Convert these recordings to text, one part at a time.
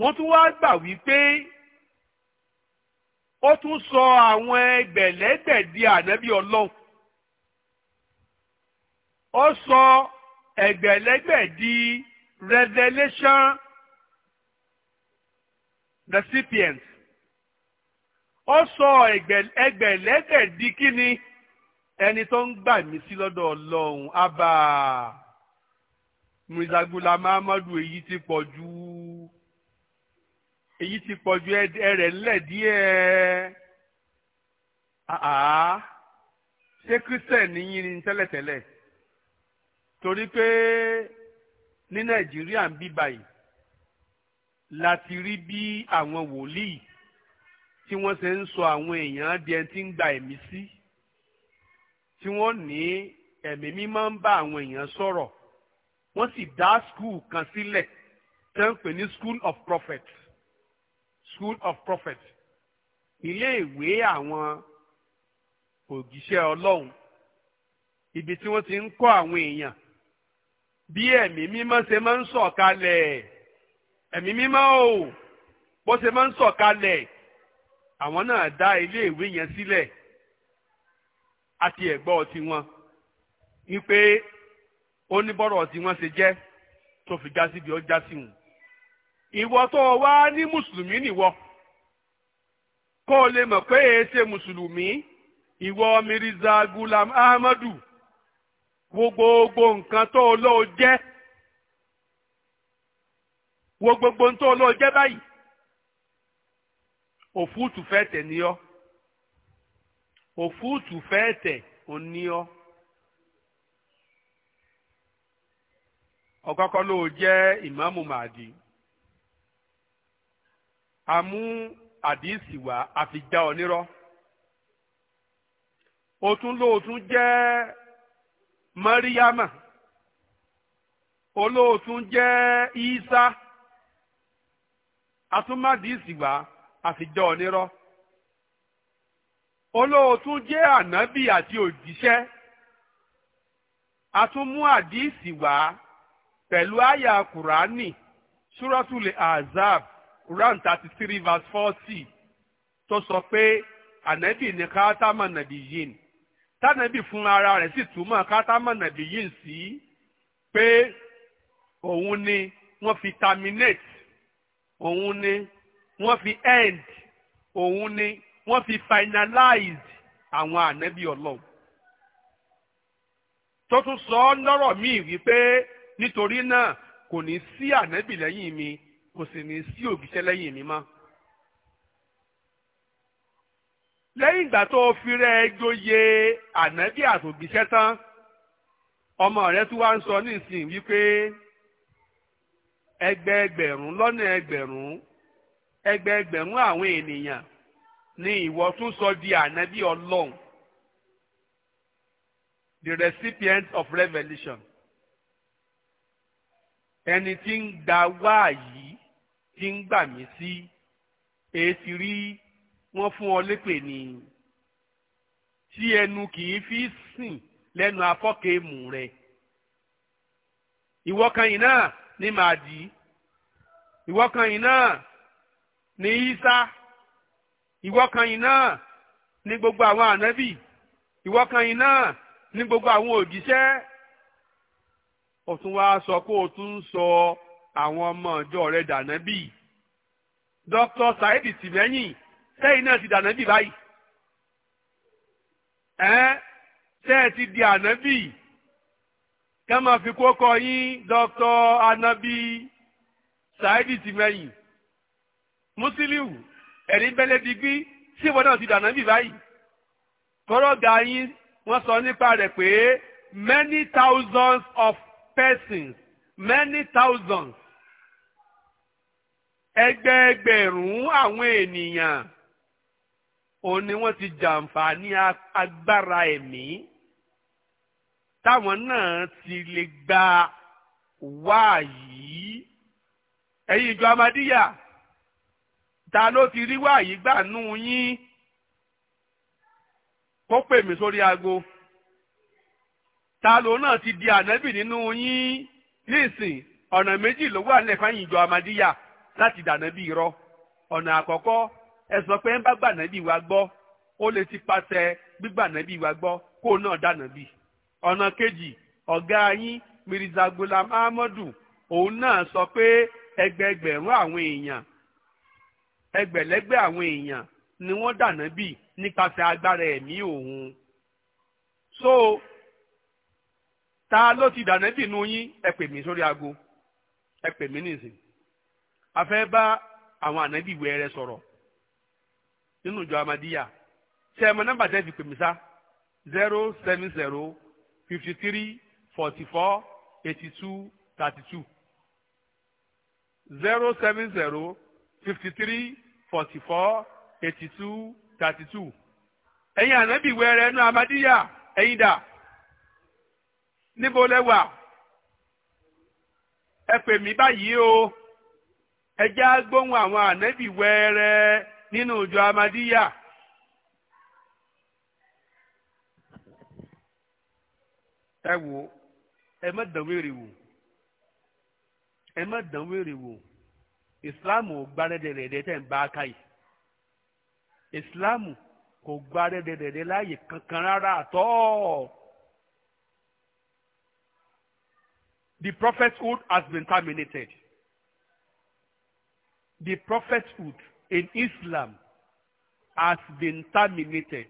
wọ́n tún wá gbà wípé ó tún sọ àwọn ẹgbẹ̀lẹ́gbẹ̀ di ànábì ọlọ́run ó sọ ẹgbẹ̀lẹ́gbẹ̀ di revelation recipient ó sọ ẹgbẹ̀lẹ́gbẹ̀ di kíni ẹni tó ń gbà mí sí lọ́dọ̀ ọlọ́run abba mùsàgùlà mahamadu èyí ti pọ̀ jù ú èyí ti pọ̀jù ẹrẹ̀ ńlẹ̀ díẹ̀ ṣé christian ní yín ni tẹ́lẹ̀tẹ́lẹ̀ torí pé ní nàìjíríà ń bí báyìí láti rí bí àwọn wòlíì tí wọ́n ṣe ń sọ àwọn èèyàn di ẹni tí ń gba ẹ̀mí sí tí wọ́n ní ẹ̀mí mímọ́ ń bá àwọn èèyàn sọ̀rọ̀ wọ́n sì dá skul kan sílẹ̀ tẹ́ ń pè ní school of prophets school of prophet iléèwé àwọn ògìṣẹ́ ọlọ́run ibi tí wọ́n ti ń kọ́ àwọn èèyàn bí ẹ̀mí mímọ́ ṣe máa ń sọ̀kalẹ̀ ẹ̀mí mímọ́ o bó ṣe máa ń sọ̀kalẹ̀ àwọn náà dá iléèwé yẹn sílẹ̀ àti ẹ̀gbọ́ tiwọn wípé ó ní bọ́rọ̀ tiwọn ṣe jẹ. tó fi já síbi ó já sí wọn ìwọ tó o wá ní mùsùlùmí nìwọ kó o lè mọ̀ pé èé ṣe mùsùlùmí ìwọ Mirza Gulam Ahmadu wo nǹkan tó o lọ́ọ́ jẹ́ wo tó o lọ́ọ́ jẹ́ báyìí òfúùtù fẹ́ tẹ̀ ní ọ́ òfúùtù fẹ́ tẹ̀ ò ní ọ́ ọ̀kọ́kọ́ ló jẹ́ ìmáàmù màdì a mú àdìsí wá àfi já ọ nírọ́ o tún lóòtún jẹ́ mọ́ríyámà olóòtún jẹ́ ísá atúmọ̀dìsí wá àfi já ọ nírọ́ olóòtún jẹ́ ànábì àti òjíṣẹ́ a tún mú àdìsí wá pẹ̀lú àyà kùránì súrọ́tùlẹ̀ azab Quran thirty three verse four c tó sọ pé ànábì ní káátámà nàbì yìí tánàbì fún ara rẹ̀ sì túmọ̀ káátámà nàbì yìí sí pé òun ni wọ́n fi terminate òun ni wọ́n fi end òun ni wọ́n fi finalize àwọn ànábì ọlọ́run tó tún sọ ọ́ lọ́rọ̀ míì wípé nítorí náà kò ní sí ànábì lẹ́yìn mi kò sì ní sí ògìṣẹ́ lẹ́yìn mi mọ́. lẹ́yìn ìgbà tó fi rẹ́ joyè ànábì àtògìṣẹ́ tán ọmọ rẹ tí wàá ń sọ nísìnyí wípé ẹgbẹẹgbẹ̀rún lọ́nà ẹgbẹ̀rún ẹgbẹẹgbẹ̀rún àwọn ènìyàn ni ìwọ tún sọ di ànábì ọlọ́run the recipient of revelation ẹni tí ń gba wáàyí tí ń gbà mí sí èsì rí wọ́n fún ọ lépè ni tí ẹnu kì í fi sìn lẹ́nu afọ́kèémù rẹ̀ ìwọ kan yìí náà ní màdí ìwọ kan yìí náà ní Ísá ìwọ kan yìí náà ní gbogbo àwọn ànábì ìwọ kan yìí náà ní gbogbo àwọn òjíṣẹ́ ó tún wá sọ kó o tún sọ. So, àwọn ọmọ ọjọ́ rẹ̀ dànábì Dr. Saheed Tìmẹ́yìn sẹ́yìn náà ti dànábì báyìí ẹ́ ṣe é ti di ànábì kẹ́ máa fi kókọ yín Dr. anabi Saheed Tìmẹ́yìn Musiliu ẹ̀rí bẹ́lẹ́ digbí ṣé ìwọ náà ti dànábì báyìí kọ́rọ́gà yín wọ́n sọ nípa rẹ̀ pé many thousands of persons many thousands ẹgbẹẹgbẹ̀rún àwọn ènìyàn òun ni wọ́n ti jàǹfààní agbára ẹ̀mí táwọn náà ti lè gba wáàyí ẹ̀yin ìjọ amadíyà ta ló ti rí wáàyí gbà nú yín kó pè mí sórí aago ta ló náà ti di ànábì nínú yín. nísìn ọ̀nà méjì ló wà nílẹ̀ fáyìn ìjọ amadíyà láti dànà bí irọ́ ọ̀nà àkọ́kọ́ ẹ sọ pé ń bá gbà nàbí wa gbọ́ ó lè ti pàṣẹ gbígbà nàbí wa gbọ́ kó náà dànà ọ̀nà kejì ọ̀gá yín sọ pé àwọn èèyàn àwọn èèyàn ni wọ́n dànà bí nípasẹ̀ agbára ẹ̀mí òun. so ta ló ti dànẹ́bì nu yín ẹ pè mí sórí aago ẹ pè mí nìsín a fẹ́ bá àwọn ànábì wẹrẹ sọ̀rọ̀ nínú ìjọ amadiya ṣe ẹ mọ nọ́mbà tẹ́ fi pè mí sá zero seven zero fifty three forty four eighty two thirty two zero seven zero fifty three forty four eighty two thirty two ẹ̀yin ànábì nínú amadiya ẹ̀yin dà. níbo lẹ wà ẹ pè mí báyìí o ẹ já gbóhùn àwọn ànábì wẹ́ẹ́rẹ́ nínú ìjọ amadíyà. ẹ wò ẹ má dán wèrè wò ẹ má dán wèrè wò ìsìláàmù ò gbá rẹ́dẹ̀rẹ́dẹ́ tẹ̀ ń bá a ká yìí ìsìláàmù kò gbá rẹ́dẹ̀rẹ́dẹ́ láàyè kankan rárá àtọ́ọ̀. The prophethood has been terminated. The prophethood in Islam has been terminated.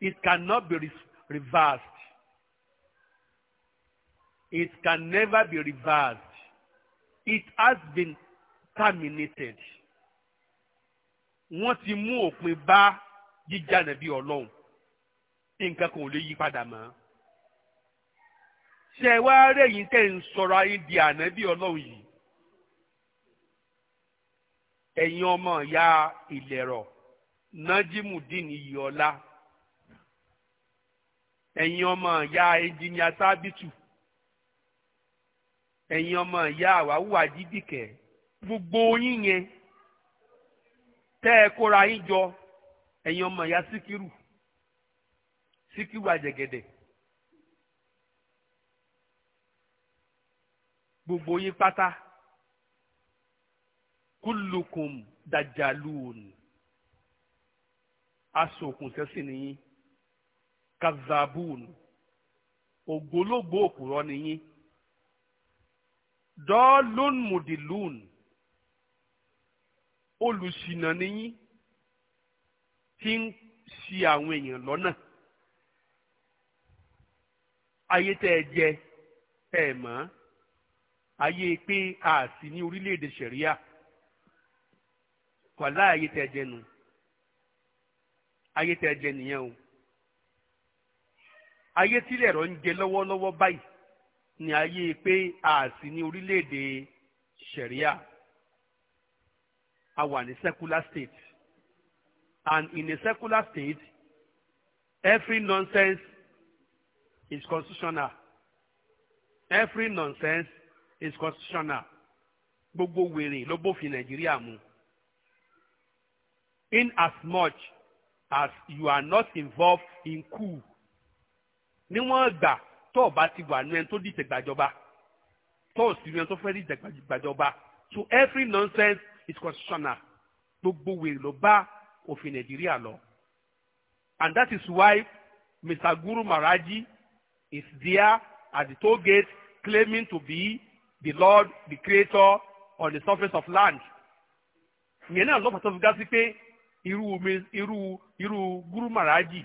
It cannot be re reversed. It can never be reversed. It has been terminated. Wọ́n ti mú òpin bá jíjà nàbí Ọlọ́run. Nǹkan kan ò lè yí padà mọ́. ṣe wá rẹ̀yìn tẹ ń sọ̀rọ̀ ayé di ànábì ọlọ́run yìí ẹ̀yin ọmọ ìyá ìlẹ̀rọ̀ nájímùdín ìyọ̀lá ọmọ ìyá ẹnjìníà sábìtù ọmọ ìyá àwáwù àjídìkẹ́ gbogbo yín yẹn tẹ́ ẹ kóra yín jọ ẹ̀yin ọmọ ìyá síkírù síkírù gbogbo yín pátá kúlùkùn dàjàlùn asòkùn sẹ́sìn nìyí kazabun ògbólógbò òkúrọ́ nìyí dọ́ọ̀lùn mùdìlùn olùṣìnà nìyí tí ń ṣì àwọn èèyàn lọ́nà ayé tẹ́ ẹ jẹ ẹ mọ̀ ayé pé a sì ní orílẹ̀-èdè sẹ̀ríà wàhálà ayé tẹ̀ jẹ nù ayé tẹ̀ jẹ nìyẹn o ayé tílẹ̀ rọ ń jẹ lọ́wọ́lọ́wọ́ báyìí ni ayé pé a sì ní orílẹ̀-èdè sẹ̀ríà a wà ní secular state and in a secular state every nonsense is constitutional every nonsense is constitutional gbogbo wèrè ló bófin nàìjíríà mu in as much as you are not involved in coup níwọ̀n gbà tó o bá ti wà ní ẹni tó dìtẹ̀ gbàjọba tó o sì ní ẹni tó fẹ́ dìtẹ̀ gbàjọba so every nonsense is constitutional gbogbo wèrè ló bá òfin nàìjíríà lọ and that is why Mr. Guru Maraji is there at the toll gate claiming to be the lord the creator on the surface of land ìyẹn náà lọ́pàá tó fi gá sí pé irú omi irú irú gúrú màrájì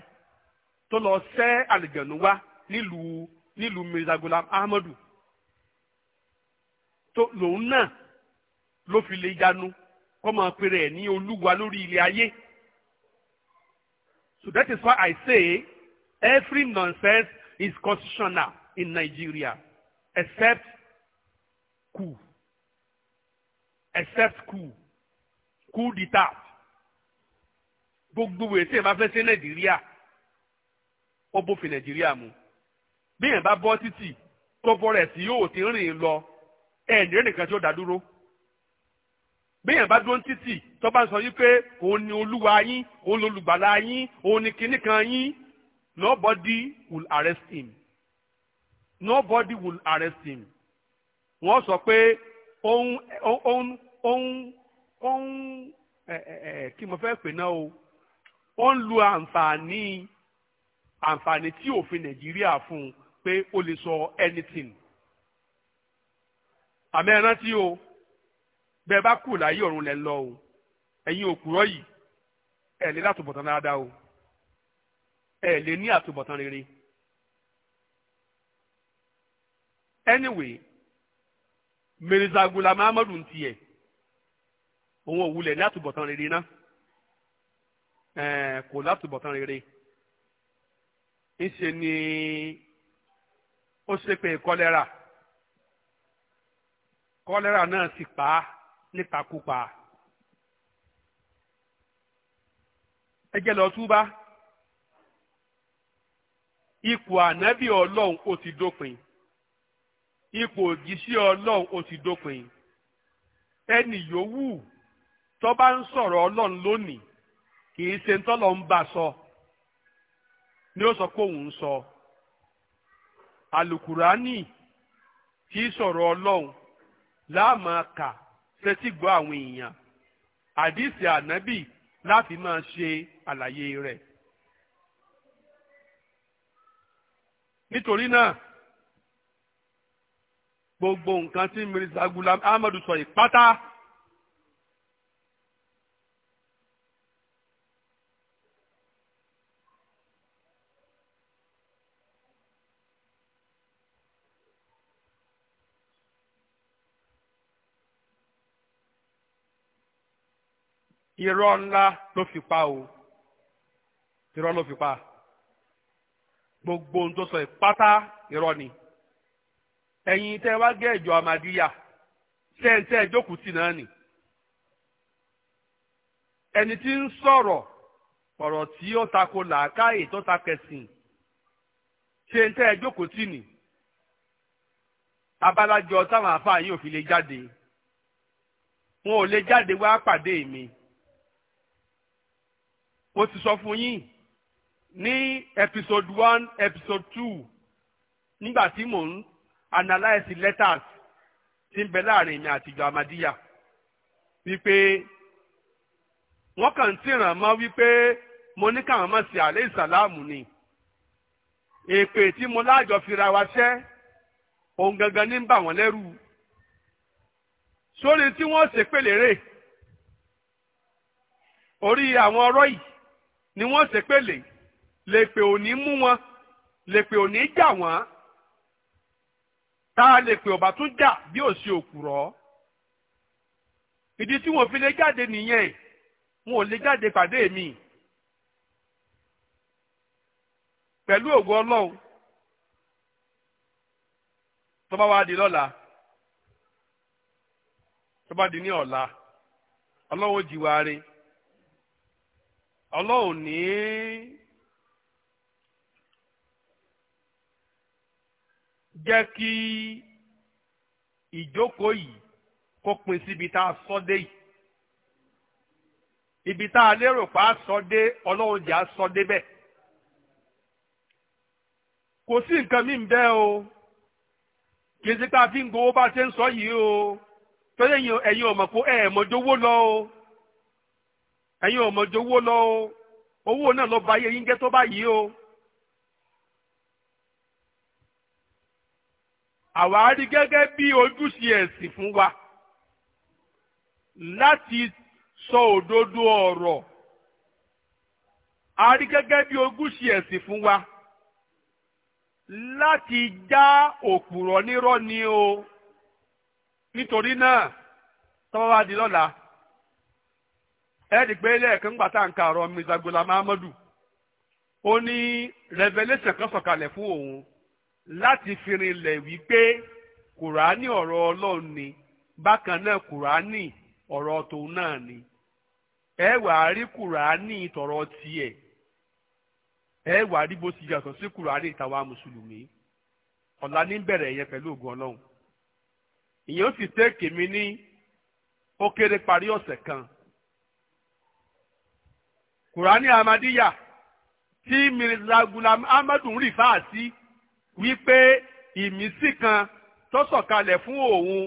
tó lọ sẹ́ àlùjọ̀nù wá nílùú nílùú Mirza Ghulam Ahmadu tó lòun náà ló fi lè yanu kó máa pèrè ẹ̀ ní olúwa lórí ilé ayé so that is why I say every nonsense is constitutional in Nigeria except cool except cool cool the tap gbogbo èsì ìbá fẹ́ sí nàìjíríà ó bófin nàìjíríà mu bí yẹn bá bọ́ títì tó bọ́ rẹ̀ sí yóò ti rìn lọ ẹ̀ ní ẹnìkan tí ó dá dúró bẹ́ẹ̀ bá dúró títì tó bá ń sọ yín pé òun ni olúwa yín òun ni olùgbàlà yín òun ni kinní kan yín nobody will arrest him nobody will arrest him wọ́n sọ pé òun òun òun òun kí mo fẹ́ pè náà o ó ń lu àǹfààní àǹfààní tí òfin nàìjíríà fún un pé ó lè sọ anything àmì ẹran tí o bẹ́ẹ̀ bá kù láyé ọ̀run lẹ́ lọ o ẹ̀yin òkúrọ̀ yìí ẹ̀ lé látùbọ̀tán dáadáa o ẹ̀ lé ní àtùbọ̀tán rere anyway Mirza Ghulam Ahmad ń tiẹ̀ òun ò wulẹ̀ látúbọ̀tán rere ná kò látúbọ̀tán rere ńṣe ni ó ṣépè kọ́lẹ́rà kọ́lẹ́rà náà sì pa á nípakúpa ẹ lọ túbá ipò ànábì ọlọ́run ó ti dópin ipò òjíṣẹ́ ọlọ́run ó ti dópin ẹnì yòówù tó bá ń sọ̀rọ̀ ọlọ́run lónìí kì í ṣe tọ́lọ̀ ń bá sọ ni ó sọ pé òun ń sọ alukurani tí sọ̀rọ̀ ọlọ́run láàmú kà ṣetí gbọ́ àwọn èèyàn àdìsí ànábì láti máa ṣe àlàyé rẹ̀ nítorí náà gbogbo nǹkan tí Mirza Gulam Ahmadu sọ ìpátá irọ́ ńlá ló fi pa o irọ́ ló fi pa gbogbo ohun tó sọ ìpátá irọ́ ni ẹ̀yin tẹ́ wá gé ìjọ amadiya sẹ́ńtẹ́ ìjókòó tì náà nì ẹni tí ń sọ̀rọ̀ ọ̀rọ̀ tí ó tako làákàyè tó ta kẹsìn sẹ́ńtẹ́ ìjókòó tì nì abalajọ táwọn àfáà yìí fi lè jáde wọn ò lè jáde wá pàdé mi mo ti sọ fún yín ní episode one episode two nígbà tí mò ń analyze letters tí ń bẹ láàrin mi àti ìjọ amadiya wípé wọ́n kàn ń tìràn mọ́ wípé mo ní káwọn mọ̀ sí àlẹ́ ìsàlámù ni èpè tí mo láàjọ fira wa ṣẹ́ òun gangan ní ń bà wọ́n lẹ́rù sórí tí wọ́n ṣe pé lérè orí àwọn ọ̀rọ̀ yìí ni wọ́n ṣe pé lè lè pè òní mú wọn lè pè òní jà wọ́n tá a lè pè ọba tún jà bí ò sí òkúrọ ìdí tí wọn fi lè jáde nìyẹn wọn ò lè jáde pàdé mi pẹ̀lú ògo Ọlọ́run tó bá wá di lọ́la tó bá di ní ọ̀la Ọlọ́run ò jí wa rí Ọlọ́run ní. jẹ́ kí ìjókòó yìí kó pin síbi tá a sọ dé yìí ibi tá a lérò pa á sọ dé ọlọ́run jẹ́ á sọ dé bẹ́ẹ̀ kò sí nǹkan mí bẹ́ẹ̀ o kì í ṣe pé a fi ń gbowó bá ṣe ń sọ yìí o torí ẹ̀yin ọ̀mọ̀ kó ẹ̀ mọ̀jówó lọ o ẹ̀yin ọ̀mọ̀jówó lọ o owó náà lọ bá yẹ yín jẹ́ báyìí o. àwa rí gẹ́gẹ́ bí ojúṣe ẹ̀sìn fún wa láti sọ òdodo ọ̀rọ̀ a rí gẹ́gẹ́ bí ojúṣe ẹ̀sìn fún wa láti já òpùrọ̀ nírọ́ ni o nítorí náà tọ́wọ́ bá di lọ́la ẹ̀ẹ́dì pé lẹ́ẹ̀kan gbà tá à ń ka ọ̀rọ̀ Mirza ó ní revelation kan sọ̀kalẹ̀ fún òun láti fi wípé kùránì ọ̀rọ̀ ọlọ́run ni bákan náà kùránì ọ̀rọ̀ tòun náà ni ẹ wàá rí kùránì tọ̀rọ̀ tiẹ̀ ẹ wàá rí bó ti yàtọ̀ sí kùránì tàwa mùsùlùmí ọ̀la ní bẹ̀rẹ̀ yẹn pẹ̀lú ògùn ọlọ́run ìyẹn ó sì ní ó kéré parí ọ̀sẹ̀ kan kùránì tí amadu ń Si, wípé ìmísí kan tó sọ̀kalẹ̀ fún òun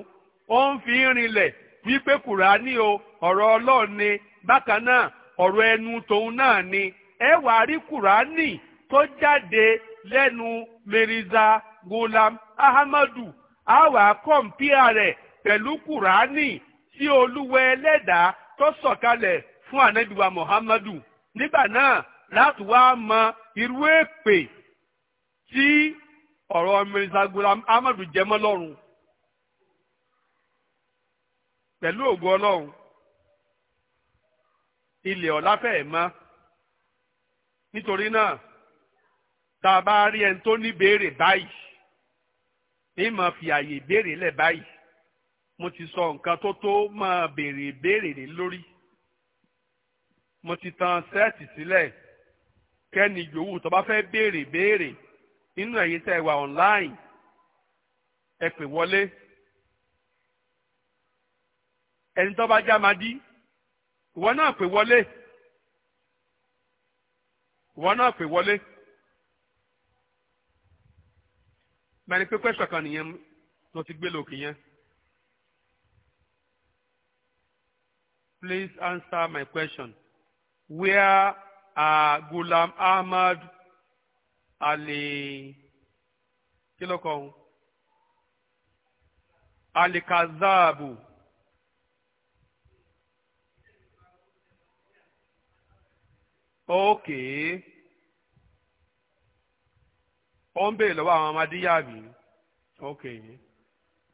ó ń fi rinlẹ̀ wípé kùránì o ọ̀rọ̀ ọlọ́run ni bákan náà ọ̀rọ̀ ẹnu tòun náà ni ẹ wàá rí kùránì tó jáde lẹ́nu Mirza Ghulam Ahmadu a wàá kọ̀ǹpìà rẹ̀ pẹ̀lú kùránì tí olúwa ẹlẹ́dàá tó sọ̀kalẹ̀ fún ànábìwá Muhammadu nígbà náà láti wá mọ irú èpè tí ọ̀rọ̀ Mirza Ghulam Ahmadu jẹmọ́ lọ́rùn pẹ̀lú ògùn ọlọ́run ilẹ̀ ọ̀la fẹ́ẹ̀ mọ́ nítorí náà tá a bá rí ẹni tó ní béèrè báyìí ìmọ̀ fi àyè béèrè lẹ̀ báyìí mo ti sọ nǹkan tó tó máa béèrè béèrè lé lórí mo ti tan sẹ́ẹ̀tì sílẹ̀ kẹ́ni yòówù tó bá fẹ́ béèrè béèrè nínú ẹ̀yin tẹ́ ẹ wà online ẹ pè wọlé ẹni tó bá já máa dí ìwọ náà pè wọlé ìwọ náà pè wọlé mẹ́rin pé kwẹ́sọ̀ nìyẹn ló ti gbé lòkè yẹn. Please answer my question. Where are Gulam Ahmad? àlè kí ló kọ òun àlè kazaabu. ókèé ó ń béèrè lọ́wọ́ àwọn amadíyà mi ókèé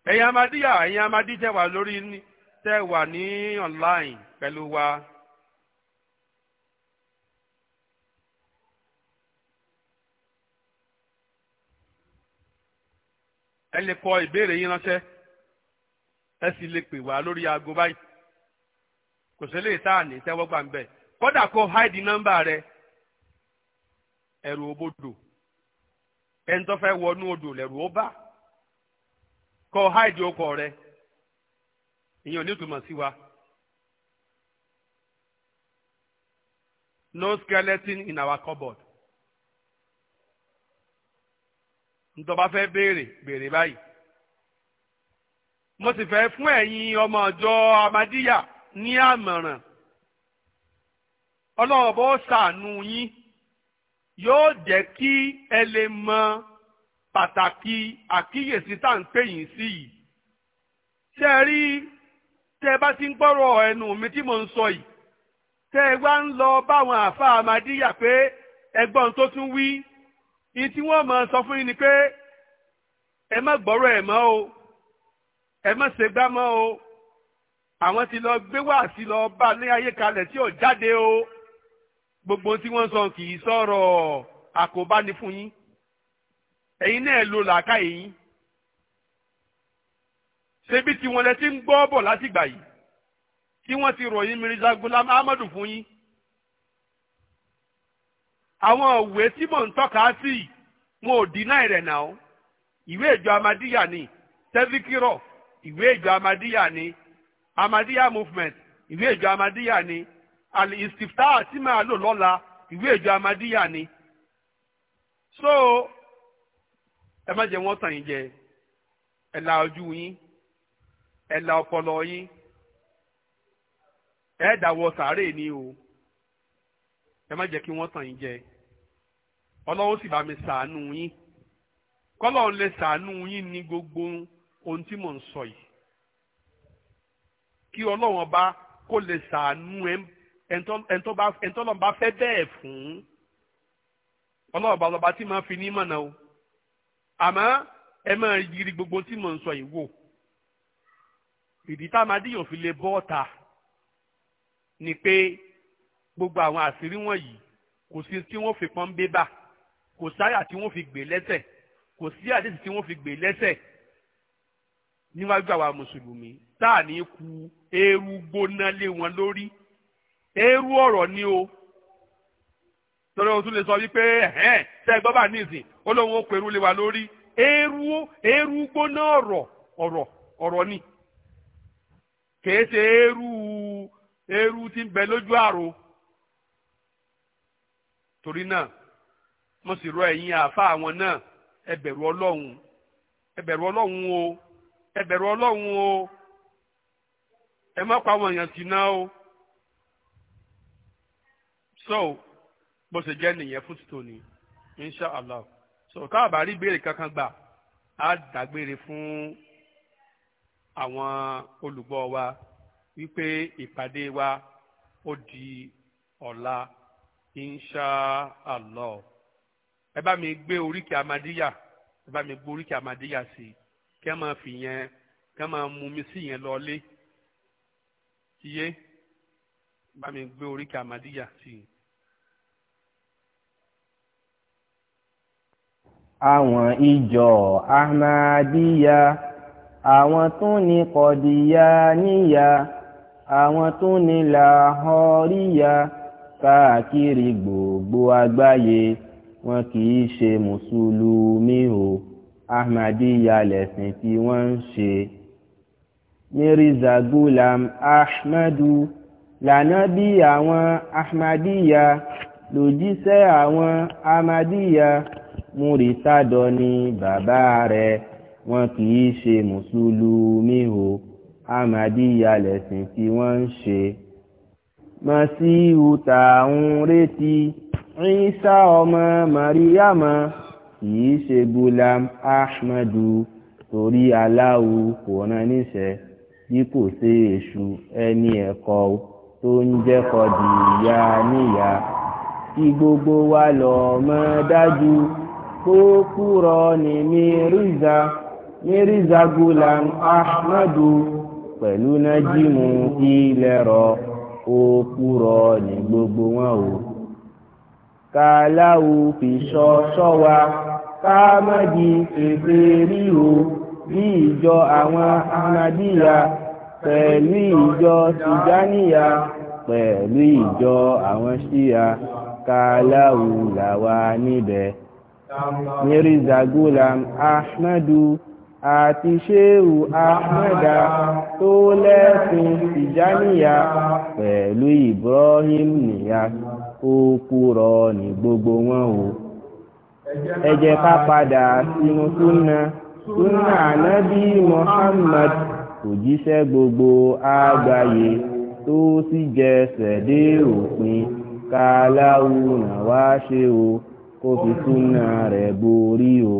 ẹ̀yin amadíyà ẹ̀yin amadí lórí tẹ́ ní online pẹ̀lú wa. ẹ lè kọ ìbéèrè yín ránṣẹ́ ẹ sì lè pè wá lórí aago báyìí kò sí lè tá ní tẹ́wọ́ gbà ń bẹ̀ kódà kó háìdì nọ́mbà rẹ ẹ̀rù òbodò ẹni tó fẹ́ wọnú odò ó wa. No skeleton in our cupboard. ntọ́ba fẹ́ béèrè béèrè báyìí mo sì fẹ́ fún ẹ̀yin ọmọ ọjọ́ amadíyà ní àmọ̀ràn ọlọ́run bó ṣàánú yín yóò jẹ́ kí ẹ lè mọ pàtàkì àkíyèsí tá à ń pè yín sí yìí ṣé ẹ rí tẹ bá ti ń gbọ́rọ̀ ẹnu mi tí mo ń sọ yìí tẹ ẹ wá ń lọ báwọn àfa amadíyà pé ẹgbọ́n tó tún wí ìyí tí wọ́n máa sọ fún yín ni pé ẹ má gbọ́rọ̀ ẹ̀ mọ́ o ẹ má ṣe gbá mọ́ o àwọn ti lọ gbé wá sí lọ bá ní ayé kalẹ̀ tí ò jáde o gbogbo tí wọ́n sọ kì í sọ̀rọ̀ àkóbá ni fún yín ẹ̀yin náà lo làákàyè yín ṣebí tí wọ́n lẹ ti ń gbọ́ bọ̀ látìgbà yìí tí wọ́n ti ròyìn Mirza Gulam Ahmadu fún yín àwọn òwe tí mò ń tọ́ka sí wọn ò dínà rẹ̀ náà ìwé ìjọ amadíyà ni tẹ́fíkírọ̀ ìwé ìjọ amadíyà ni amadíyà movement ìwé ìjọ amadíyà ni alìsìftà tí màá lò lọ́la ìwé ìjọ amadíyà ni. so ẹ má jẹ wọn tàn yín jẹ ẹ la ojú yín ẹ la ọpọlọ yín ẹ dàwọ sàárè ni o ẹ má jẹ́ kí wọ́n tàn yín jẹ ọlọ́run sì bá mi sàánú yín kọ́lọ́run lè sàánú yín ní gbogbo ohun tí mò ń sọ yìí kí ọlọ́run ọba kó lè sàánú ẹ̀ńtọ́lọ́run bá fẹ́ bẹ́ẹ̀ fún ọlọ́run ọba lọ́ba tí màá fi ní mọ̀nà o àmọ́ ẹ máa yiri gbogbo tí mò ń sọ yìí wò ìdí tá a fi lè bọ́ ọ̀tà ni pé gbogbo àwọn àṣírí wọ̀nyí kò sí tí wọ́n fi pọ́n bébà kò sáyà tí wọ́n fi gbè lẹ́sẹ̀ kò sí àdéhùn tí wọ́n fi gbè lẹ́sẹ̀ níwájú àwa mùsùlùmí tá à ní ku eru gbóná lé wọn lórí eérú ọ̀rọ̀ ni o torí o tún lè sọ wípé ẹ̀hẹ́n tẹ́ ẹ gbọ́ bá nísìn ó lóun ó pẹ̀rú lé wa lórí eérú eérú gbóná ọ̀rọ̀ ọ̀rọ̀ ọ̀rọ̀ ni kèé ṣe eérú eérú tí ń bẹ lójú àrò torí náà mo sì rọ ẹ̀yin àáfà àwọn náà ẹ bẹ̀rù ọlọ́run ẹ ọlọ́run o ẹ bẹ̀rù ọlọ́run o ẹ má pa àwọn èèyàn tì o so bó ṣe jẹ́ nìyẹn fún títò insha allah so káàbà rí ìbéèrè kankan gbà á dágbére fún àwọn olùgbọ́ wa wípé ìpàdé wa ó di ọ̀la insha allah ẹ bá mi gbé oríkì amadíyà ẹ bá mi gbé oríkì amadíyà sí i kí ẹ máa fi yẹn kí ẹ máa mú mi sí yẹn lọlé iye ẹ bá mi gbé oríkì amadíyà sí i. àwọn ìjọ ahmadiyya àwọn tún ní kọdíyà níyà àwọn tún ní làhọríyà káàkiri gbogbo àgbáyé wọn kì í ṣe mùsùlùmí o ahmadiyya lẹ̀sìn tí wọ́n ń ṣe. mirza gulam ahmadu lànábì àwọn ahmadiyya lòjíṣẹ́ àwọn ahmadiyya múritádọ́ ni bàbá rẹ̀ wọn kì í ṣe mùsùlùmí o ahmadiyya lẹ̀sìn tí wọ́n ń ṣe. masihu tá ń retí Isa ọmọ Màríyàmá kìí ṣe Gulam Ahmadu torí aláwo kò rán níṣẹ́ bí kò ṣe èṣù ẹni ẹ̀kọ́ tó ń jẹ́ Kọ̀dìyà níyà kí gbogbo wa lọ mọ̀ dájú kó kúrò ní Mírízà Mírízà Gulam Ahmadu pẹ̀lú nájímù ilẹ̀ rọ ó kúrò ní gbogbo wọn o kàláwù fìṣọ ṣọ́wa káàmàdì pèpè ríro bí ìjọ àwọn ahmadíyà pẹ̀lú ìjọ tìjáníyà pẹ̀lú ìjọ àwọn ṣíyà kàláwù làwa níbẹ̀. Mirza Gulam Ahmadu àti ṣéhù ahmeda tó lẹ́sìn tìjáníyà pẹ̀lú Ibrahim niyas òpùrọ́ ní gbogbo wọn o Eje jẹ́ ká padà sínú súnà súnà ànábì Muhammad òjíṣẹ́ gbogbo àgbáyé tó sì jẹsẹ̀ dé òpin ká láwùrán wá ṣe o kó fi súnà rẹ̀ borí o.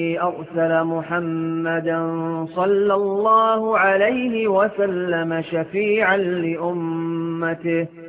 أرسل محمدا صلى الله عليه وسلم شفيعا لأمته